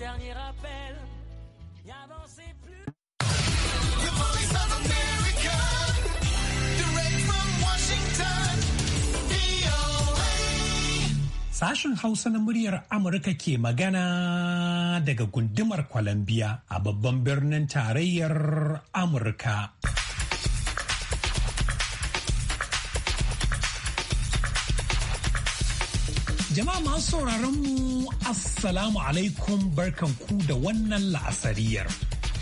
dernier appel. N'avancez plus. The voice of America, direct from Washington, Sashen Hausa na muryar Amurka ke magana daga gundumar Columbia a babban birnin tarayyar Amurka. Jama'a masu sauraron mu Assalamu alaikum barkan ku da wannan la'asariyar.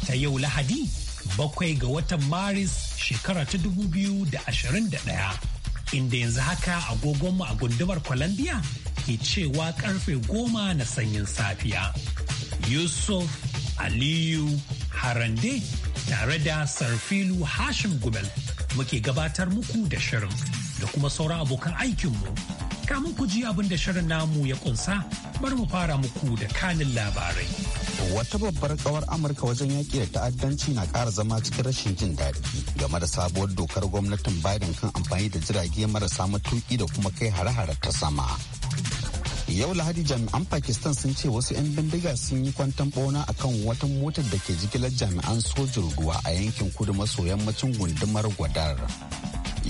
Ta yau Lahadi bakwai ga watan Maris shekara ta dubu biyu da ashirin da ɗaya, inda yanzu haka agogonmu a gundumar Columbia ke cewa karfe goma na sanyin safiya. Yusuf Aliyu Harande tare da Sarfilu Hashim Gumel muke gabatar muku da shirin da kuma sauran abokan aikinmu. Kamun ku ji abin da shirin namu ya kunsa bar mu fara muku da kanin labarai. Wata babbar kawar Amurka wajen yaƙi da ta'addanci na ƙara zama cikin rashin jin daɗi game da sabuwar dokar gwamnatin Biden kan amfani da jirage marasa matuƙi da kuma kai hare-hare ta sama. Yau Lahadi jami'an Pakistan sun ce wasu 'yan bindiga sun yi kwantan a kan wata motar da ke jigilar jami'an sojin ruwa a yankin kudu maso yammacin gundumar Gwadar.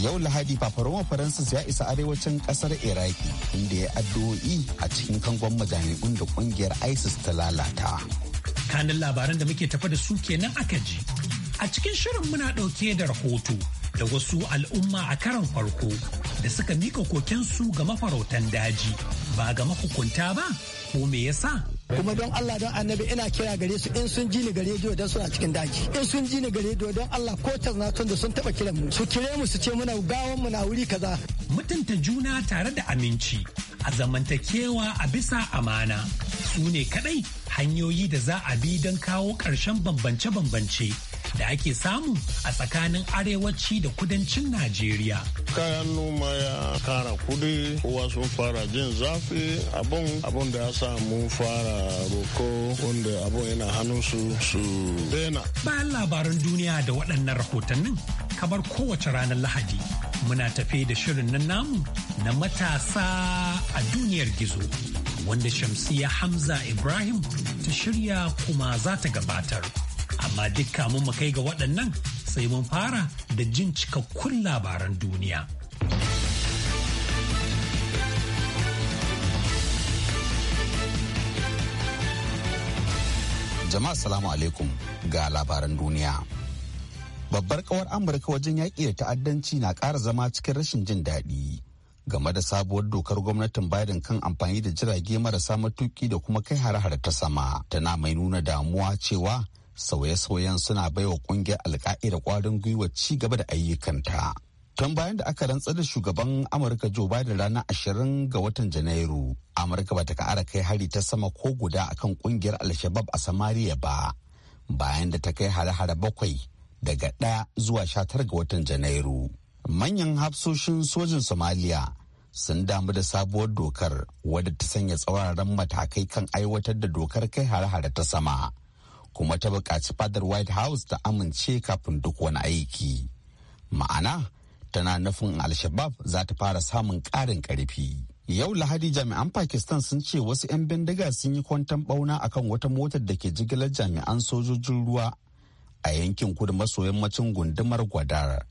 yau lahadi fafaroma faransas ya isa arewacin kasar iraki inda ya addu'o'i a cikin kangon majami'un da kungiyar isis ta lalata kanin labaran da muke tafa da su kenan aka ji a cikin shirin muna ɗauke da rahoto da wasu al'umma a karan farko da suka mika kokensu ga mafarautan daji ba ga mahukunta ba ko me yasa kuma don Allah don annabi ina kira gare su in sun ji ni gare rediyo don suna cikin daji in sun ji ni gare rediyo don Allah ko tun da sun taba kiran mu su kire mu su ce muna gawan mu na wuri kaza mutunta juna tare da aminci a zamantakewa a bisa amana su ne kadai hanyoyi da za a bi don kawo ƙarshen bambance-bambance da ake samu a tsakanin arewaci da kudancin Najeriya. Kayan noma ya kara kudi, kowa sun fara jin zafi abun abun da ya samu fara roko wanda abun yana hannunsu su dena. Bayan labaran duniya da waɗannan rahotannin kamar kowace ranar Lahadi. Muna tafe da shirin nan namu na matasa a duniyar gizo wanda Shamsiya Hamza Ibrahim ta shirya kuma za ta gabatar. Amma dukka mun mu kai ga waɗannan sai mun fara da jin cikakkun labaran duniya. Jama'a salamu alaikum ga labaran duniya. Babbar kawar Amurka wajen yaƙi da ta'addanci na ƙara zama cikin rashin jin daɗi game da sabuwar dokar gwamnatin Biden kan amfani da jirage marasa matuƙi da kuma kai hare-hare ta sama. Tana mai nuna damuwa cewa sauye-sauyen suna baiwa kungiyar alka'ida kwarin gwiwa ci gaba da ayyukanta tun bayan da aka rantsar da shugaban amurka joe biden ranar ashirin ga watan janairu amurka bata kara kai hari ta sama ko guda akan kungiyar alshabab a samariya ba bayan da ta kai hare-hare bakwai daga ɗaya zuwa shatar ga watan janairu manyan hafsoshin sojin somaliya sun damu da sabuwar dokar wadda ta sanya tsauraran matakai kan aiwatar da dokar kai hare-hare ta sama kuma ta buƙaci fadar white house ta amince kafin duk wani aiki ma'ana tana nufin alshabab shabab za ta fara samun ƙarin ƙarfi yau lahadi jami'an pakistan sun ce wasu 'yan bindiga sun yi kwantan bauna akan wata motar da ke jigilar jami'an sojojin ruwa a yankin kudu maso yammacin gundumar gwadar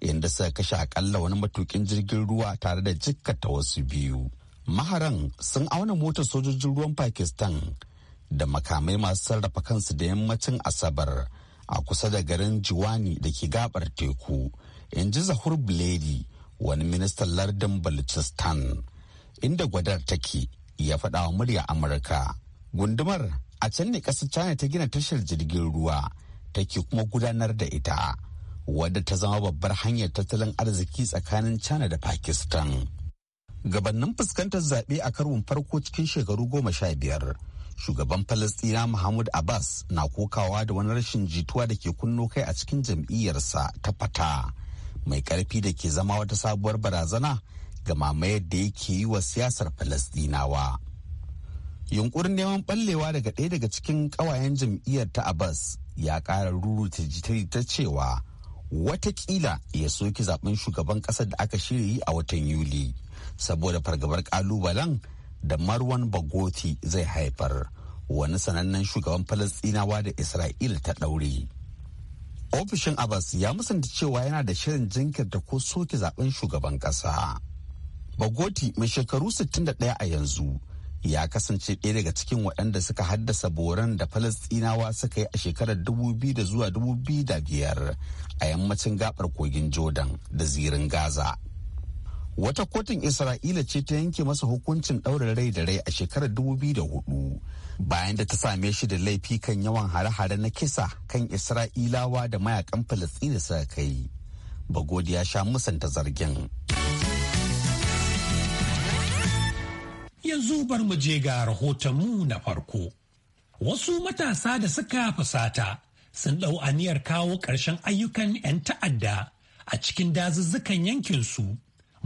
inda suka kashe akalla wani matukin jirgin ruwa tare da jikkata wasu biyu maharan sun auna motar sojojin ruwan pakistan da makamai masu sarrafa kansu da yammacin asabar a kusa da garin jiwani da ke gabar teku in ji zahur biledi wani ministan lardin balochistan inda gwadar take ya faɗa wa murya amurka gundumar a can ne ƙasar china ta gina tashar jirgin ruwa take kuma gudanar da ita wadda ta zama babbar hanyar tattalin arziki tsakanin china da pakistan gabannin fuskantar zaɓe a karon farko cikin shekaru goma sha biyar shugaban falastina mahmud abbas na kokawa da wani rashin jituwa da ke kunno kai a cikin jam'iyyarsa ta fata mai ƙarfi da ke zama wata sabuwar barazana ga mamayar da yake yi wa siyasar falastinawa yunkurin neman ɓallewa daga ɗaya daga cikin ƙawayen jam'iyyar ta abbas ya ƙara ruruta jitari ta cewa watakila ya soke zaben shugaban ƙasar da aka shirya yi a watan yuli saboda fargabar ƙalubalen da marwan bagoti zai haifar wani sanannen shugaban falastinawa da isra'ila ta ɗaure ofishin abbas ya musanta cewa yana da shirin jinkirta ko soke zaben shugaban ƙasa bagoti mai shekaru 61 a yanzu ya kasance ɗaya daga cikin waɗanda suka haddasa boran da falasɗinawa suka yi a shekarar 2000 zuwa 2005 a yammacin gabar kogin jordan da zirin gaza wata kotun isra'ila ce ta yanke masa hukuncin ɗaurin rai da rai a shekarar 2004 bayan da ta same shi da laifi kan yawan hare-hare na kisa kan isra'ilawa da mayakan falastina suka kai bagodi ya sha musanta zargin yanzu bar mu je ga rahoton mu na farko wasu matasa da suka fusata sun ɗau aniyar kawo ƙarshen ayyukan 'yan ta'adda a cikin dazuzzukan yankinsu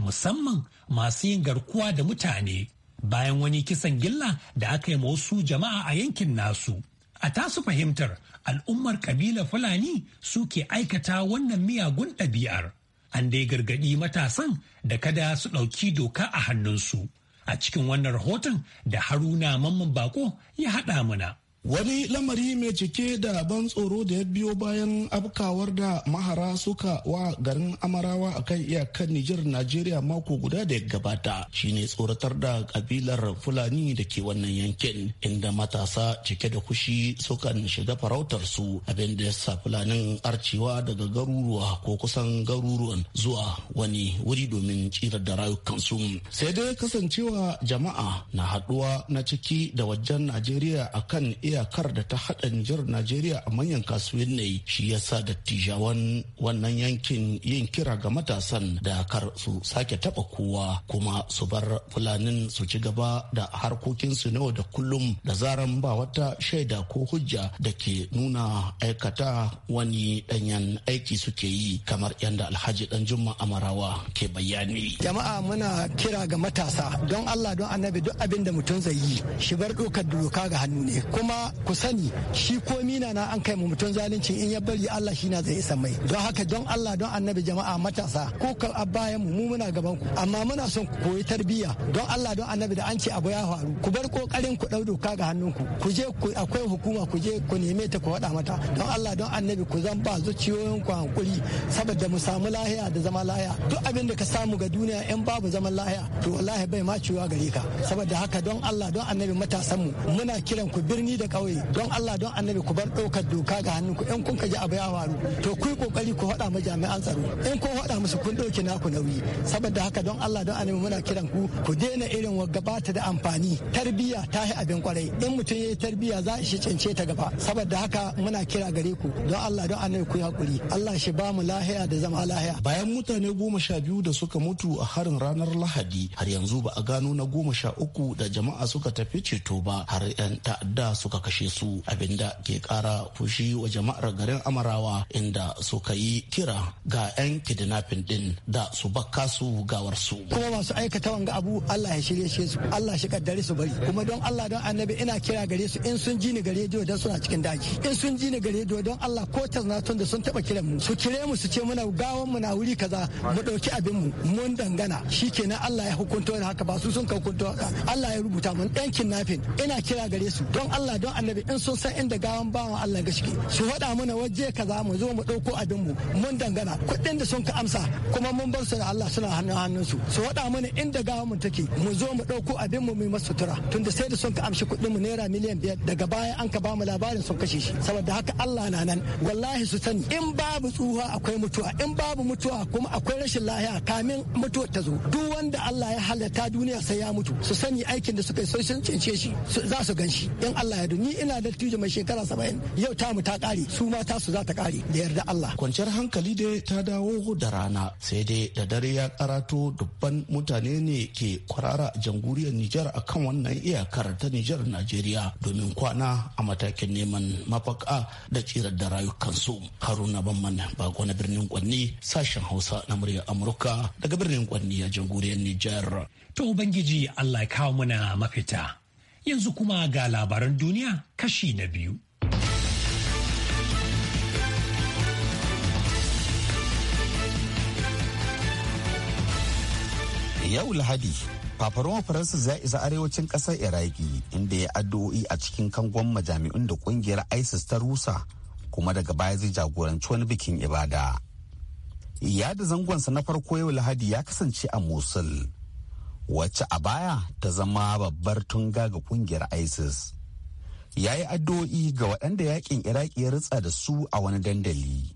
musamman masu yin garkuwa da mutane bayan wani kisan gilla da aka yi wasu jama'a a yankin nasu. A tasu fahimtar al'ummar kabila Fulani suke aikata wannan miyagun ɗabi'ar. An dai gargaɗi matasan da kada su ɗauki doka a hannunsu. A cikin wannan rahoton da Haruna Mamman Bako ya haɗa mana. Wani lamari mai cike da ban tsoro da ya biyo bayan afkawar da mahara suka wa garin Amarawa a kan iyakar Nijar Najeriya mako guda da ya gabata shine tsoratar da kabilar Fulani da ke wannan yankin inda matasa cike da kushi sukan shiga farautar su abinda ya sa Fulanin arcewa daga garuruwa ko kusan garuruwan zuwa wani wuri domin tsirar da rayukansu. Sai dai kasancewa jama'a na haɗuwa na ciki da wajen Najeriya akan iyakar da ta haɗa Nijar Najeriya a manyan kasuwanni shi ya yasa dattijawan wannan yankin yin kira ga matasan da kar su sake taɓa kowa kuma su bar fulanin su ci gaba da harkokinsu na da kullum da zaran ba wata shaida ko hujja da ke nuna aikata wani ɗanyen aiki suke yi kamar yadda alhaji dan juma amarawa ke bayani jama'a muna kira ga matasa don allah don annabi duk abin da mutum zai yi shi bar dokar doka ga hannu ne kuma ku sani shi ko na na an kai mu mutum zalunci in ya bari Allah shi na zai isa mai don haka don Allah don annabi jama'a matasa ko ka abaya mu mu muna gaban ku amma muna son ku koyi tarbiyya don Allah don annabi da an ce abu ya faru ku bar kokarin ku dau doka ga hannun ku ku je akwai hukuma ku je ku neme ta ku wada mata don Allah don annabi ku zan ba zuciyoyin ku hankuri saboda mu samu lahiya da zama lahiya duk abin da ka samu ga duniya in babu zaman lahiya to wallahi bai ma ciwa gare ka saboda haka don Allah don annabi matasan mu muna kiran ku birni da kauye don Allah don annabi ku bar ɗaukar doka ga hannun ku in kun ka ji abu ya faru to ku yi kokari ku faɗa ma jami'an tsaro in kun faɗa musu kun ɗauki naku nauyi saboda haka don Allah don annabi muna kiran ku ku daina irin wagga bata da amfani tarbiyya ta yi abin kwarai in mutum ya yi tarbiyya za shi cince ta gaba saboda haka muna kira gare ku don Allah don annabi ku yi hakuri Allah shi ba mu lahiya da zama lahiya bayan mutane goma sha biyu da suka mutu a harin ranar Lahadi har yanzu ba a gano na goma sha uku da jama'a suka tafi ceto ba har 'yan ta'adda suka kashe su abinda ke kara fushi wa jama'ar garin amarawa inda suka yi kira ga 'yan kidnapping din da su bakka su gawar su kuma masu aikata wanga abu Allah ya shirye shi su Allah shi kaddare su bari kuma don Allah don annabi ina kira gare su in sun ji ni gare rediyo don suna cikin daji in sun ji ni gare rediyo don Allah ko tun da sun taba kiran mu su kire mu su ce muna gawan mu na wuri kaza mu ɗauki abin mu mun dangana shikenan Allah ya hukunta haka ba su sun ka hukunta Allah ya rubuta mun dan kidnapping ina kira gare su don Allah don don annabi in sun san inda gawan bawan Allah ga su faɗa mana waje kaza mu zo mu ɗauko abinmu mu mun dangana kuɗin da sun ka amsa kuma mun bar su da Allah suna hannun hannun su su faɗa mana inda gawan mu take mu zo mu ɗauko abinmu mu mai masu sutura tunda sai da sun ka amshi kuɗin mu naira miliyan biyar daga baya an ka ba mu labarin sun kashe shi saboda haka Allah na nan wallahi su sani in babu tsuha akwai mutuwa in babu mutuwa kuma akwai rashin lahiya kamin mutuwa ta zo duk wanda Allah ya halatta duniya sai ya mutu su sani aikin da suka yi sai sun cince shi za su gan shi in Allah ya ni ina da tijo mai shekara saba'in yau ta tamu ta kare su ma su za ta kare da yarda Allah. Kwanciyar hankali dai ta dawo da rana sai dai da dare ya karato dubban mutane ne ke kwarara jamhuriyar Nijar a kan wannan iyakar ta Nijar Najeriya domin kwana a matakin neman mafaka da tsirar da rayukansu. Haruna Bamman bago na birnin Kwanni sashen Hausa na muryar Amurka daga birnin Kwanni a jamhuriyar Nijar. To Ubangiji Allah ya kawo mana mafita. yanzu kuma ga labaran duniya kashi na biyu. Yau Lahadi, Fafaroma faransa ya isa arewacin ƙasar Iraki inda ya addu'o'i a cikin kangon majami'un da ƙungiyar ISIS ta rusa kuma daga baya zai jagoranci wani bikin ibada. Ya zangonsa na farko yau Lahadi ya kasance a Mosul. wacce a baya ta zama babbar tunga ga kungiyar isis ya yi addu'o'i ga waɗanda yakin iraki ya ritsa da su a wani dandali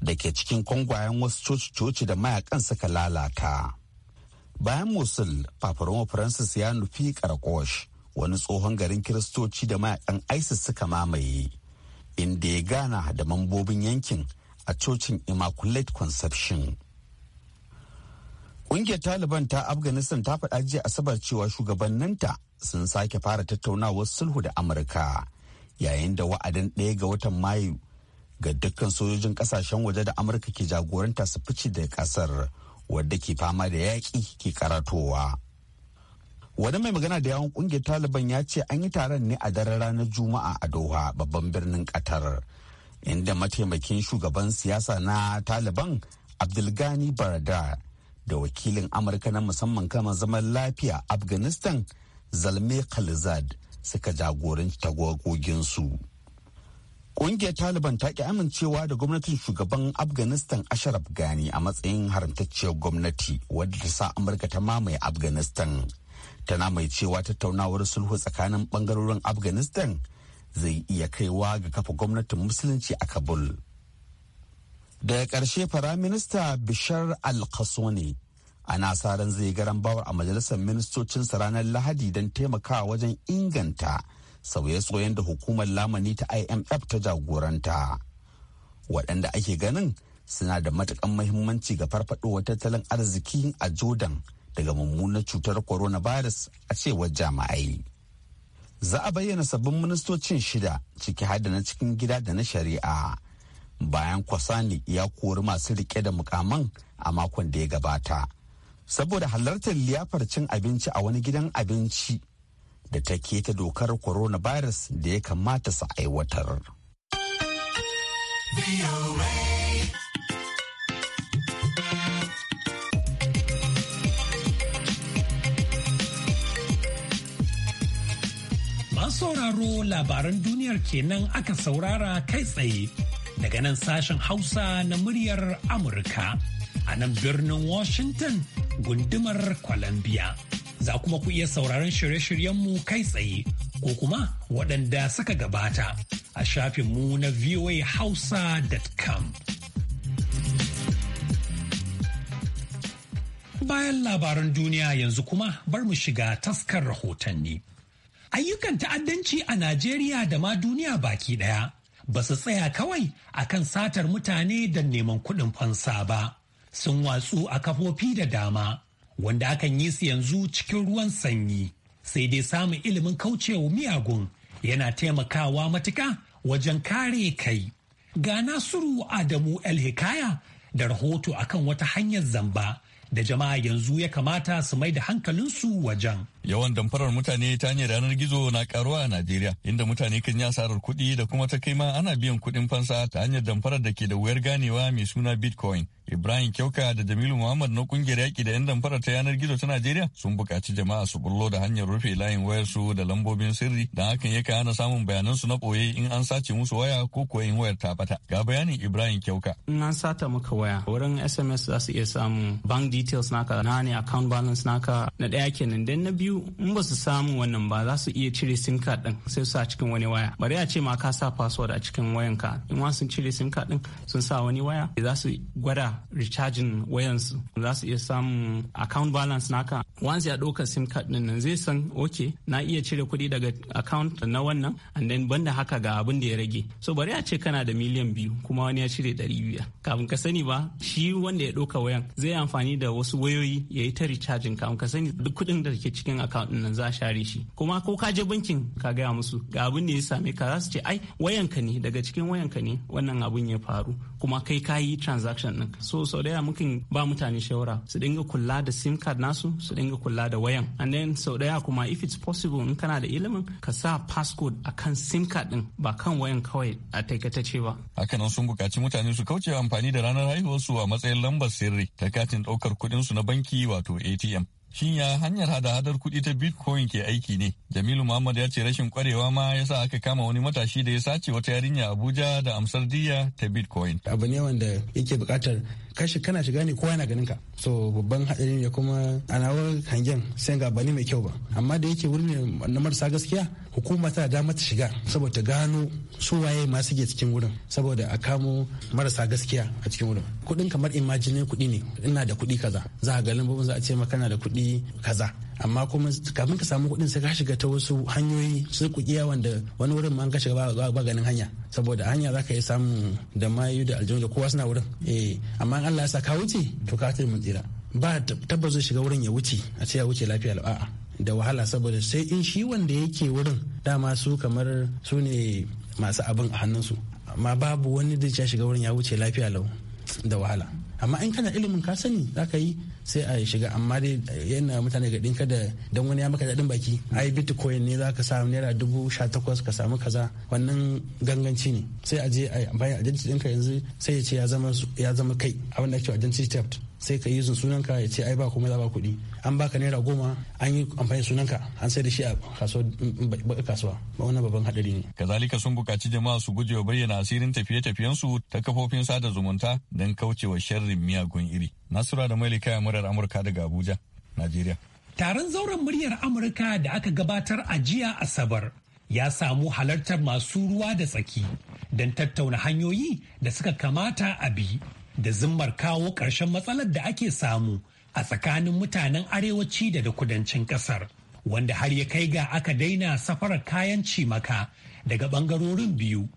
da ke cikin kwangwayen wasu coci-coci da mayakan suka lalata bayan musul fafaroma francis ya nufi karakosh wani tsohon garin kiristoci da mayakan isis suka mamaye inda ya gana da mambobin yankin a cocin immaculate conception Ƙungiyar Taliban ta Afghanistan ta faɗa jiya Asabar cewa shugabanninta sun sake fara tattaunawar sulhu da Amurka yayin da wa'adin ɗaya ga watan Mayu ga dukkan sojojin ƙasashen waje da Amurka ke jagoranta su fice da ƙasar wadda ke fama da yaƙi ke karatowa. Wani mai magana da yawon ƙungiyar Taliban ya ce an yi taron ne a daren ranar Juma'a a Doha babban birnin Qatar. inda mataimakin shugaban siyasa na taliban abdulgani Barda. da wakilin amurka na musamman kama zaman lafiya afghanistan zalme khalizad suka jagoranci tagogoginsu ƙungiyar taliban ta ki amincewa da gwamnatin shugaban afghanistan ashraf gani a matsayin haramtacciyar gwamnati wadda ta sa amurka ta mamaye afghanistan tana mai cewa tattaunawar sulhu tsakanin bangarorin afghanistan zai iya kaiwa ga kafa gwamnatin musulunci a kabul daga ƙarshe firaminista bishar AlKhasoni, ana sa ran zai garan bawar a majalisar ministocinsa ranar lahadi don taimakawa wajen inganta sauye-sauyen da hukumar lamani ta imf ta jagoranta waɗanda ake ganin suna da matukan mahimmanci ga farfadowar tattalin arziki a jordan daga mummunar cutar coronavirus a cewar jami'ai za a bayyana sabbin ministocin shida ciki har na cikin gida da na shari'a bayan kwasani ya kori masu rike da mukaman a makon da ya gabata saboda halartar liyafar cin abinci a wani gidan abinci da ta keta dokar coronavirus da ya kamata su aiwatar. sauraro labaran duniyar kenan aka saurara kai tsaye daga nan sashen Hausa na muryar Amurka a nan birnin Washington gundumar Columbia. Za kuma ku iya sauraron shirye-shiryenmu kai tsaye ko kuma waɗanda suka gabata a shafinmu na voahausa.com. Bayan labaran duniya yanzu kuma bar mu shiga taskar rahotanni. Ayyukan ta'addanci a Najeriya da ma duniya baki ɗaya. ba su tsaya kawai a kan satar mutane da neman kuɗin fansa ba sun watsu a kafofi da dama wanda akan yi su yanzu cikin ruwan sanyi sai dai samun ilimin kaucewa miyagun yana taimakawa matuka wajen kare kai ga nasiru adamu el hikaya da rahoto akan wata hanyar zamba da jama'a yanzu ya kamata su mai da hankalinsu wajen Yawan damfarar mutane ta hanyar yanar gizo na karuwa a Najeriya, inda mutane kan yi asarar kuɗi da kuma ta kai ma ana biyan kuɗin fansa ta hanyar damfarar da ke da wuyar ganewa mai suna Bitcoin. Ibrahim Kyauka da Jamilu Muhammad na kungiyar yaƙi da 'yan damfarar ta yanar gizo ta Najeriya sun buƙaci jama'a su bullo da hanyar rufe layin wayarsu da lambobin sirri da hakan ya kai ana samun bayanansu na ɓoye in an sace musu waya ko kuwa in wayar ta bata. Ga bayanin Ibrahim Kyauka. In an sata maka waya wurin SMS za su iya samun bank details naka na ne account balance naka na ɗaya kenan dan na biyu in ba su samu wannan ba za su iya cire sim card din sai su sa cikin wani waya bari a ce ma ka sa password a cikin wayanka in wa sun cire sim card din sun sa wani waya za su gwada recharging wayan su za su iya samun account balance naka once ya doka sim card din nan zai san okay na iya cire kuɗi daga account na wannan and then banda haka ga abin da ya rage so bari a ce kana da miliyan biyu kuma wani ya cire dari biyar kafin ka sani ba shi wanda ya doka wayan zai amfani da wasu wayoyi ya yi ta recharging kafin ka sani duk kuɗin da ke cikin account nan za share shi kuma ko ka je bankin ka gaya musu ga abin da ya same ka za su ce ai wayanka ne daga cikin wayanka ne wannan abin ya faru kuma kai ka yi transaction din so sau da mukan ba mutane shawara su dinga kula da sim card nasu su dinga kula da wayan and then sau daya kuma if it's possible in kana da ilimin ka sa passcode akan sim card din ba kan wayan kawai a taikatace ba hakanan sun bukaci mutane su kauce amfani da ranar haihuwarsu a matsayin lambar sirri ta katin ɗaukar kuɗin su na banki wato ATM Shin ya hanyar hada-hadar kuɗi ta Bitcoin ke aiki ne? Jamilu Muhammad ya ce rashin kwarewa ma ya sa aka kama wani matashi da ya sace wata yarinya Abuja da amsar diya ta Bitcoin. Abu ne wanda yake bukatar kashi kana shiga ne kowa yana ganin ka. So babban haɗari ne kuma a hangen sai ga bani mai kyau ba. Amma da yake wurin na marasa gaskiya hukuma tana dama ta shiga saboda gano su waye ma suke cikin wurin saboda a kamo marasa gaskiya a cikin wurin kuɗin kamar imajinin kuɗi ne ina da kuɗi kaza za a ga babu za a ce maka na da kuɗi kaza amma kuma kafin ka samu kuɗin sai ka shiga ta wasu hanyoyi sun iya wanda wani wurin ma an ka shiga ba ganin hanya saboda hanya za ka yi samun da mayu da aljihun da kowa suna wurin eh amma Allah ya sa ka wuce to ka mun tsira ba tabbas zai shiga wurin ya wuce a ce ya wuce lafiya a'a da wahala saboda sai in shi wanda yake wurin dama su kamar su ne masu abin a hannunsu amma babu wani da ya shiga wurin ya wuce lafiya lau da wahala amma in kana ilimin ka sani za ka yi sai a shiga amma dai yana mutane ga dinka da don wani ya maka daɗin baki ai bitcoin ne za ka samu naira dubu sha takwas ka samu kaza wannan ganganci ne sai a je a bayan identity ka yanzu sai ya ce ya zama kai abin da ake identity theft sai ka yi sunanka ya ce ai ba komai za ba kuɗi an baka naira goma an yi amfani sunanka an sai da shi a mm, mm, kasuwa ba wannan babban hadari ne kazalika sun buƙaci jama'a su gujewa bayyana asirin tafiye-tafiyensu ta kafofin sada zumunta don kaucewa sharrin miyagun iri nasura da mai likaya murar amurka daga abuja najeriya taron zauren muryar amurka da aka gabatar a jiya asabar ya samu halartar masu ruwa da tsaki don tattauna hanyoyi da suka kamata a bi da zimmar kawo ƙarshen matsalar da ake samu a tsakanin mutanen arewaci da da kudancin ƙasar wanda har ya kai ga aka daina safarar kayan cimaka daga ɓangarorin biyu.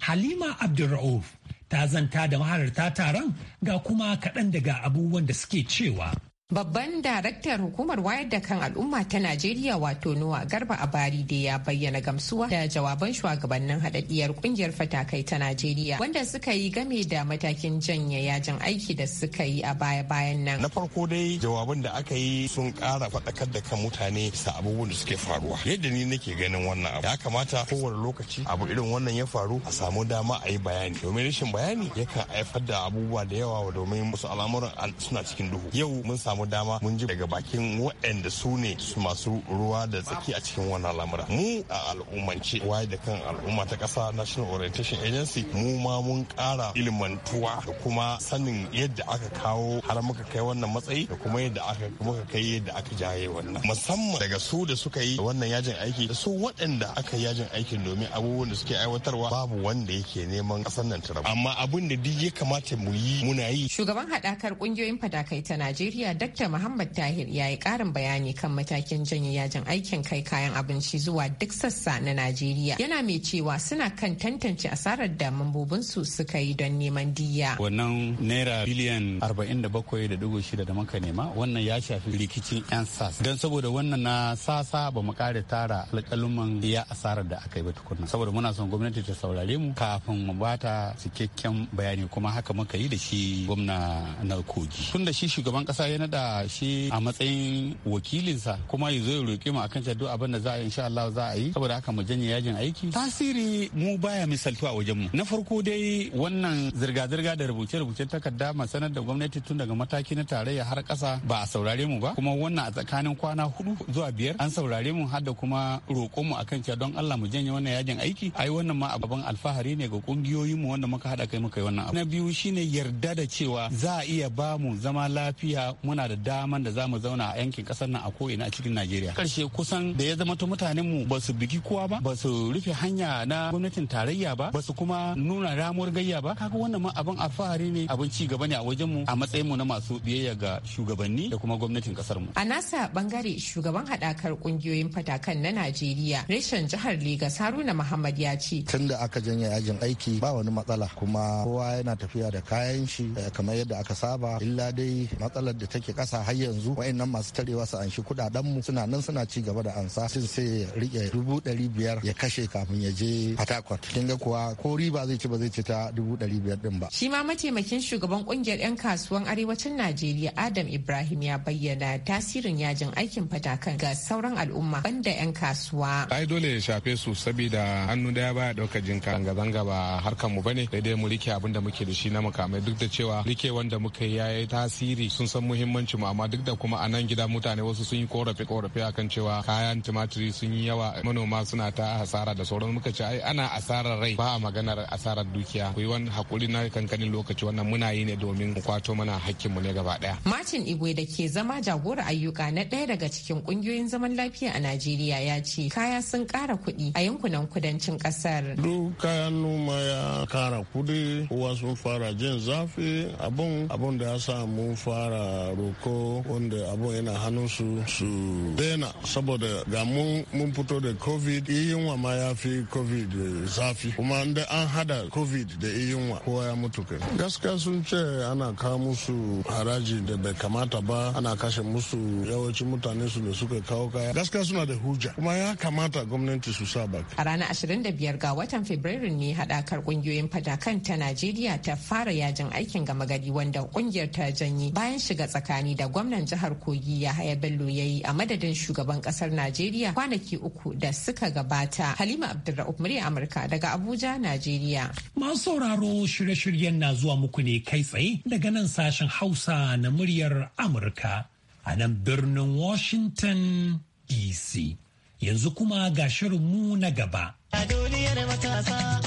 Halima Abdulra'uf ta zanta da mahalarta taron ga kuma kaɗan daga abubuwan da suke cewa. Babban daraktar hukumar wayar da kan al'umma ta Najeriya wato Nuwa Garba a bari da ya bayyana gamsuwa da jawaban shugabannin haɗaɗɗiyar ƙungiyar fatakai ta Najeriya wanda suka yi game da matakin janye yajin aiki da suka yi a baya-bayan nan. Na farko dai jawaban da aka yi sun ƙara faɗakar da kan mutane bisa abubuwan da suke faruwa. Yadda ni nake ganin wannan abu ya kamata kowane lokaci abu irin wannan ya faru a samu dama a yi bayani domin rashin bayani yakan haifar da abubuwa da yawa domin wasu al'amuran suna cikin duhu. Yau mun samu samu dama mun ji daga bakin waɗanda su ne masu ruwa da tsaki a cikin wannan lamura mu a al'ummance waye da kan al'umma ta ƙasa national orientation agency mu ma mun ƙara ilmantuwa da kuma sanin yadda aka kawo har muka kai wannan matsayi da kuma yadda aka muka kai yadda aka jaye wannan musamman daga su da suka yi wannan yajin aiki da su waɗanda aka yajin aikin domin abubuwan da suke aiwatarwa babu wanda yake neman ƙasar nan ta amma abin da duk ya kamata mu yi muna yi shugaban haɗakar ƙungiyoyin fadakai ta Najeriya Dr. Dakta Muhammad Tahir ya yi karin bayani kan matakin janye yajin aikin kai kayan abinci zuwa duk sassa na Najeriya. Yana mai cewa suna kan tantance asarar da mambobinsu suka yi don neman diya. Wannan naira biliyan 47.6 da muka nema wannan ya shafi rikicin 'yan sassa. Don saboda wannan na sasa ba mu kare tara alƙaluman iya asarar da aka yi ba tukunna. Saboda muna son gwamnati ta saurare mu kafin mu bata cikakken bayani kuma haka muka yi da shi gwamna na kogi. Tun da shi shugaban ƙasa yana da shi a matsayin wakilinsa kuma ya zo ya roƙe mu akan cewa duk abin da za a yi insha Allah za a yi saboda haka mu janye yajin aiki tasiri mu baya misaltuwa a wajen mu na farko dai wannan zirga-zirga da rubuce rubuce takarda sanar da gwamnati tun daga mataki na tarayya har ƙasa ba a saurare mu ba kuma wannan a tsakanin kwana hudu zuwa biyar an saurare mu har da kuma roƙon mu akan cewa don Allah mu janye wannan yajin aiki ai wannan ma abin alfahari ne ga kungiyoyin mu wanda muka hada kai muka yi wannan abu na biyu shine yarda da cewa za a iya ba mu zama lafiya muna muna da daman da za mu zauna a yankin kasar nan a ko'ina a cikin najeriya karshe kusan da ya zama to mutanen mu ba su bigi kowa ba ba su rufe hanya na gwamnatin tarayya ba ba su kuma nuna ramuwar gayya ba kaga wannan ma abin alfahari ne abin ci gaba ne a wajen mu a matsayin mu na masu biyayya ga shugabanni da kuma gwamnatin kasar mu a nasa bangare shugaban hadakar kungiyoyin fatakan na najeriya reshen jihar Legas Haruna Muhammad ya ce. Tun da aka janye yajin aiki ba wani matsala kuma kowa yana tafiya da kayan shi eh, kamar yadda aka saba illa dai matsalar da take ke kasa har yanzu wayannan masu tarewa su anshi kudaden mu suna nan suna ci gaba da ansa sun sai rike dubu dari biyar ya kashe kafin ya je Fatakwal kin ga kuwa ko riba zai ci ba zai ci ta dubu dari biyar din ba shi ma mataimakin shugaban kungiyar 'yan kasuwan arewacin Najeriya Adam Ibrahim ya bayyana tasirin yajin aikin fatakan ga sauran al'umma banda 'yan kasuwa ai dole ya shafe su saboda hannu daya baya ɗauka jinka zanga-zanga ba harkar mu bane daidai mu rike abin da muke da shi na mukamai duk da cewa rike wanda muka yi yayi tasiri sun san muhimmanci kasuwanci mu amma duk da kuma a nan gida mutane wasu sun yi korafe korafe akan cewa kayan tumatiri sun yi yawa manoma suna ta hasara da sauran muka ce ai ana asarar rai ba a maganar asarar dukiya ku yi wani hakuri na kankanin lokaci wannan muna yi ne domin kwato mana hakkinmu ne gaba daya. Martin Igwe da ke zama jagora ayyuka na ɗaya daga cikin kungiyoyin zaman lafiya a Najeriya ya ce kaya sun kara kuɗi a yankunan kudancin ƙasar. Duk kayan noma ya ƙara kuɗi, kowa sun fara jin zafi abun abun da ya sa mun fara roƙo ko wanda abu yana hannun su su daina saboda ga mun fito da covid yunwa ma ya fi covid zafi kuma da an hada covid da yunwa kowa ya mutu kai gaskiya sun ce ana kawo musu haraji da bai kamata ba ana kashe musu yawancin mutane su da suka kawo kaya gaskiya suna da hujja kuma ya kamata gwamnati su sa baki a ranar 25 ga watan fabrairu ne hadakar kungiyoyin fadakan ta najeriya ta fara yajin aikin gama gari wanda kungiyar ta janye bayan shiga tsakani amfani da gwamnan jihar kogi yahaya bello ya yi a madadin shugaban kasar najeriya kwanaki uku da suka gabata halima abdulra'uf murya amurka daga abuja najeriya masu sauraro shirye-shiryen na zuwa muku ne kai tsaye daga nan sashen hausa na muryar amurka a nan birnin washington dc yanzu kuma ga shirinmu na gaba a duniyar matasa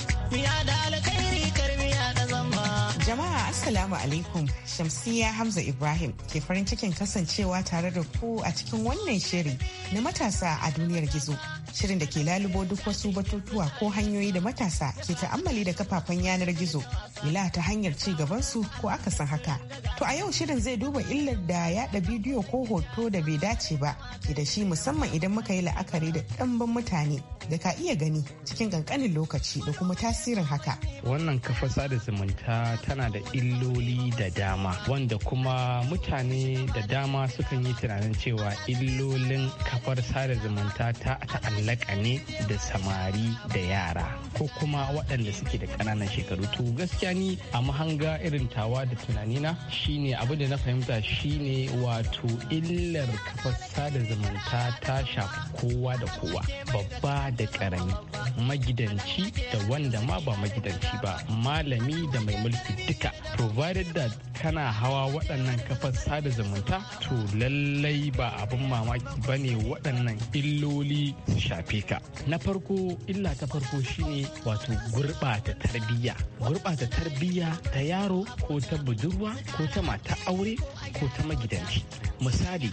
Assalamu alaikum Shamsiya Hamza Ibrahim ke farin cikin kasancewa tare da ku a cikin wannan shiri na matasa a duniyar gizo. Shirin da ke lalubo duk wasu batutuwa ko hanyoyi da matasa ke ta'ammali da kafafen yanar gizo, ila ta hanyar ci su ko aka san haka. To a yau shirin zai duba illar da yada bidiyo ko hoto da bai dace ba ke da shi musamman idan muka yi la'akari da ɗanban mutane da ka iya gani cikin ƙanƙanin lokaci da kuma tasirin haka. Wannan kafa sada zumunta tana da illa illoli da dama wanda kuma mutane da dama sukan yi tunanin cewa illolin kafar sada zumunta ta ta'allaka ne da samari da yara ko kuma waɗanda suke da ƙananan shekaru to gaskiya ni a mahanga irin tawa da tunanina shine abu da na fahimta shine wato illar kafar sada zumunta ta shafi kowa da kowa babba da ƙarami magidanci da wanda ma ba magidanci ba malami da mai mulki duka to provided that kana hawa waɗannan kafar sada zumunta to lallai ba abin mamaki ba ne waɗannan illoli su shafe ka na farko illa ta farko shine wato gurɓata tarbiyya gurɓata tarbiyya ta yaro ko ta budurwa ko ta mata aure ko ta magidanci misali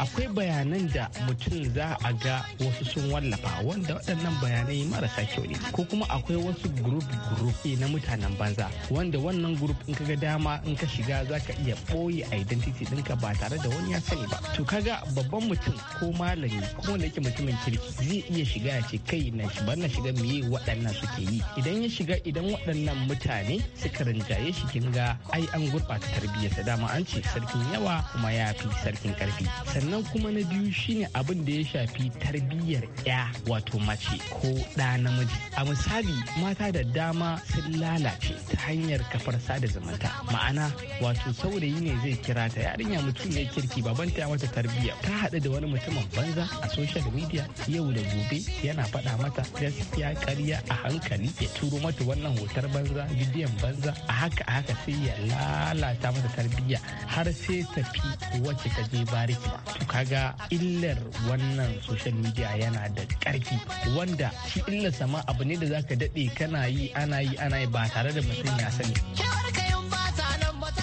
akwai bayanan da mutum za a ga wasu sun wallafa wanda waɗannan bayanai marasa kyau ne ko kuma akwai wasu group group na mutanen banza wanda wannan group in ka ga dama in ka shiga za ka iya boye identity ɗinka ba tare da wani ya sani ba to kaga babban mutum ko malami ko wanda yake mutumin kirki zai iya shiga ya ce kai na shi na shiga meye waɗannan suke yi idan ya shiga idan waɗannan mutane suka rinjaye shi kin ga ai an gurɓata tarbiyyarsa dama an ce sarkin yawa kuma ya fi sarkin karfi sannan sannan kuma na biyu shine abin da ya shafi tarbiyyar ya wato mace ko ɗa namiji a misali mata da dama sun lalace ta hanyar kafar sada zumunta ma'ana wato saurayi ne zai kira ta yarinya mutum ne kirki babanta ya mata tarbiyya ta haɗu da wani mutumin banza a social media yau da gobe yana faɗa mata gaskiya karya a hankali ya turo mata wannan hotar banza bidiyon banza a haka a haka sai ya lalata mata tarbiyya har sai tafi wacce ta je bariki to kaga illar wannan social media yana da karfi wanda shi illar sama abu ne da zaka daɗe kana yi ana yi ana yi ba tare da mutum ya sani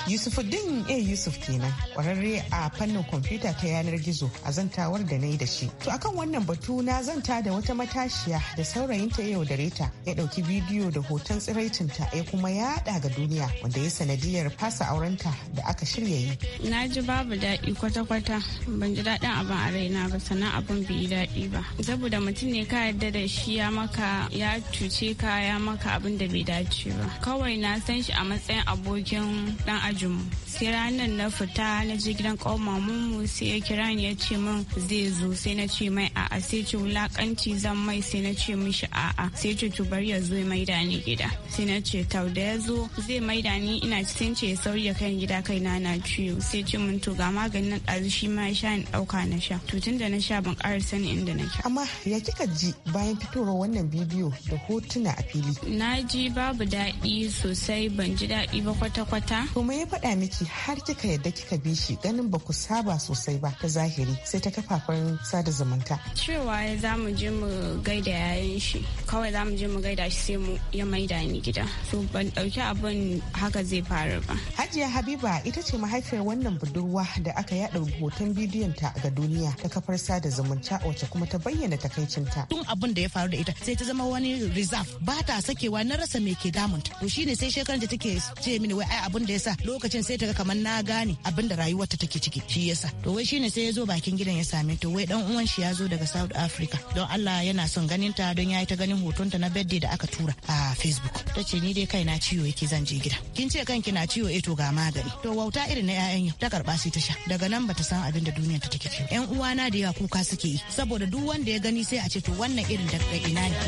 Yusufuddin A. Yusuf kenan kwararre a fannin kwamfuta ta yanar gizo a zantawar da na yi da shi. To akan wannan batu na zanta da wata matashiya da saurayinta yau da reta ya ɗauki bidiyo da hoton tsiraicinta ya kuma yaɗa ga duniya wanda ya sanadiyar fasa aurenta da aka shirya yi. Na ji babu daɗi kwata-kwata ban ji daɗin abin a raina ba sannan abin bai yi daɗi ba. Saboda mutum ne ka yarda da shi ya maka ya cuce ka ya maka abin da bai dace ba. Kawai na san shi a matsayin abokin dan aji kwalejin mu sai ranar na fita na ji gidan kawon mu sai ya kira ni ya ce min zai zo sai na ce mai a'a sai ce wulakanci zan mai sai na ce mishi a'a sai ce to ya zo ya maida ni gida sai na ce tau da ya zo zai maida ni ina sai ce ya sauri ya kai gida kai na na ciwo sai ce min to ga maganin ɗazu shi ma ya sha ni ɗauka na sha to tun da na sha ban ƙara sani inda na ke. amma ya kika ji bayan fitowar wannan bidiyo da hotuna a fili. na ji babu daɗi sosai ban ji daɗi ba kwata-kwata. kuma ya faɗa miki har kika yadda kika bi shi ganin ba ku saba sosai ba ta zahiri sai ta kafafen sada zumunta. Cewa za mu je mu gaida yayin shi kawai za mu je mu gaida shi sai mu ya maida ni gida. So ban ɗauki abin haka zai faru ba. Hajiya Habiba ita ce mahaifiyar wannan budurwa da aka yaɗa hoton bidiyon ta ga duniya ta kafar sada zumunta wacce kuma ta bayyana takaicinta. Tun abin da ya faru da ita sai ta zama wani reserve ba ta sakewa na rasa me ke damunta. To shine sai shekaran da take ce mini wai ai abin da ya sa lokacin sai ta ga kamar na gane abin da rayuwarta take ciki shi yasa to wai shine sai ya zo bakin gidan ya same ta wai dan uwan shi ya zo daga South Africa don Allah yana son ganin ta don yayi ta ganin hotonta na birthday da aka tura a Facebook ta ce ni dai kai na ciwo yake zan je gida kin ce kanki na ciwo eh to ga magani to wauta irin na ƴaƴan ta karba sai ta sha daga nan bata san abin da duniyar ta take ciki ƴan uwana da yawa kuka suke yi saboda duk wanda ya gani sai a ce to wannan irin daga ina ne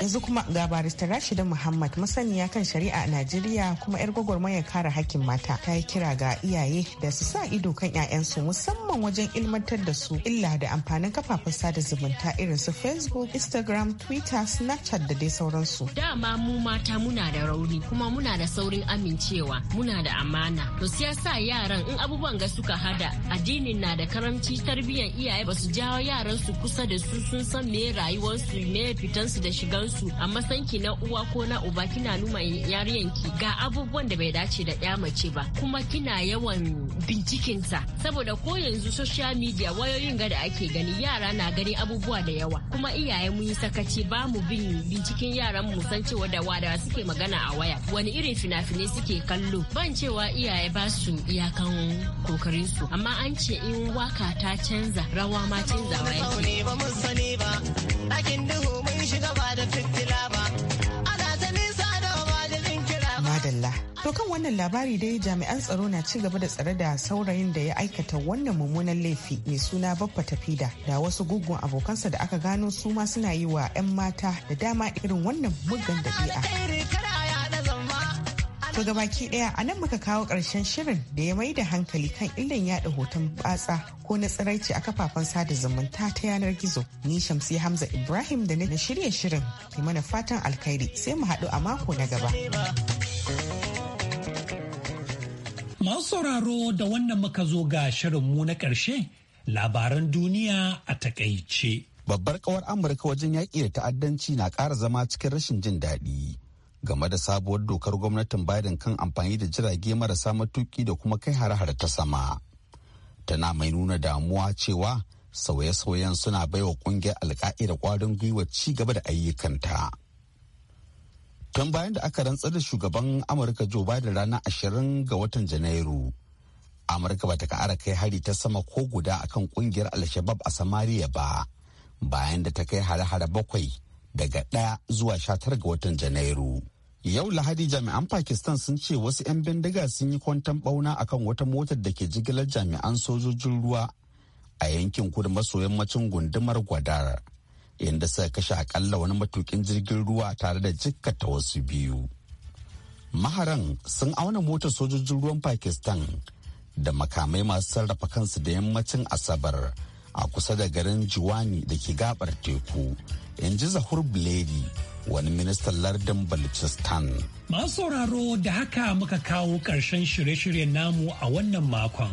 yanzu kuma ga barista rashida muhammad masaniya kan shari'a a najeriya kuma yar gwagwarmayar kare hakkin mata ta yi kira ga iyaye da su sa ido kan 'ya'yansu musamman wajen ilmantar da su illa da amfanin kafafen sada zumunta irin su facebook instagram twitter snapchat da dai sauransu dama mu mata muna da rauni kuma muna da saurin amincewa muna da amana to sai sa yaran in abubuwan ga suka hada addinin na da karamci tarbiyyar iyaye ba su jawo yaran su kusa da su sun san me rayuwarsu me fitansu da shigan su a masanki na uwa ko na uba kina numa yariyanki ga abubuwan da bai dace da ya mace ba kuma kina yawan bincikinsa saboda ko yanzu social media wayoyin ga da ake gani yara na gani abubuwa da yawa kuma iyaye mun yi sakaci ba mu bin binciken yaran mu san cewa da wada suke magana a waya wani irin fina-finai suke kallo ban cewa iyaye ba su iyakan kokarin su amma an ce in waka ta canza rawa ma canza ya yake. To kan wannan labari dai jami'an tsaro na ci gaba da tsare da saurayin da ya aikata wannan mummunan laifi mai suna Baffa Tafida da wasu gugun abokansa da aka gano su ma suna yi wa 'yan mata da dama irin wannan muggan dabi'a. To ga baki daya a nan muka kawo ƙarshen shirin da ya mai da hankali kan illan yada hoton batsa ko na tsiraici a kafafen sada zumunta ta yanar gizo. Ni Shamsi Hamza Ibrahim da na shirya shirin. Ki mana fatan alkhairi sai mu haɗu a mako na gaba. Masu sauraro da wannan muka zo ga shirinmu na ƙarshe labaran duniya a takaice. Babbar kawar Amurka wajen yaƙi da ta'addanci na ƙara zama cikin rashin jin daɗi game da sabuwar dokar gwamnatin Biden kan amfani da jirage marasa matuƙi da kuma kai har hare ta sama. Tana mai nuna damuwa cewa sauye-sauyen suna baiwa ƙungiyar alka'ida ƙwarin gwiwa ci gaba da ayyukanta. tun bayan da aka rantsar da shugaban amurka joe biden rana ashirin ga watan janairu amurka bata kara kai hari ta sama ko guda akan kungiyar alshabab a samariya ba bayan da ta kai hare-hare bakwai daga ɗaya zuwa sha tara ga watan janairu yau lahadi jami'an pakistan sun ce wasu 'yan bindiga sun yi kwantan bauna akan wata motar da ke jigilar jami'an sojojin ruwa a yankin kudu maso yammacin gundumar gwadar inda suka kashe akalla wani matukin jirgin ruwa tare da jikkata wasu biyu maharan sun auna motar sojojin ruwan pakistan da makamai masu sarrafa kansu da yammacin asabar a kusa da garin jiwani da ke gabar teku in ji zahur bledi wani ministan lardin balochistan masu sauraro da haka muka kawo ƙarshen shirye-shiryen namu a wannan makon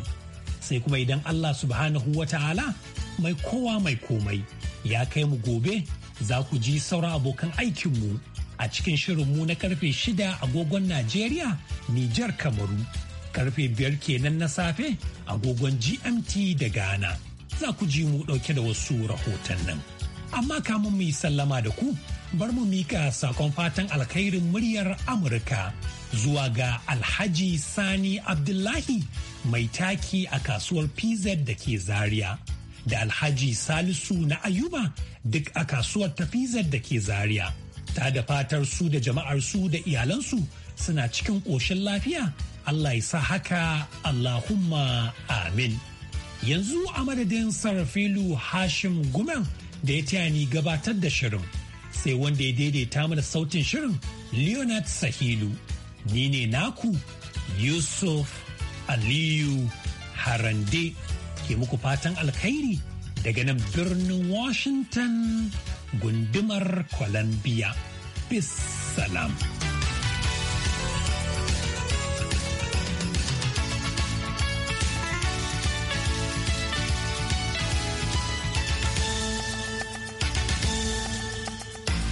sai kuma idan Allah subhanahu wa ta'ala mai kowa mai komai ya kai mu gobe za ku ji sauran abokan aikinmu a cikin shirinmu na karfe shida agogon Najeriya, Nijar Kamaru, karfe biyar kenan na safe agogon GMT da Ghana. Za ku ji mu ɗauke da wasu rahoton nan. Amma kamun mu yi sallama da ku, bar mu mika sakon fatan alkhairin muryar Amurka zuwa ga Alhaji Sani Abdullahi mai taki a kasuwar PZ da ke Zaria. Da Alhaji Salisu na Ayuba duk a kasuwar ta PZ da ke Zaria. Ta da fatar su da jama'ar su da iyalansu suna cikin ƙoshin lafiya. Allah ya sa haka Allahumma amin. Yanzu a madadin sarrafilu Hashim Gumen da ya taya ni gabatar da shirin. Sai wanda ya daidaita mana sautin shirin Leonard Sahilu. Ni ne naku Yusuf Aliyu Harande ke muku fatan alkhairi daga nan birnin Washington gundumar Columbia. Bis salam.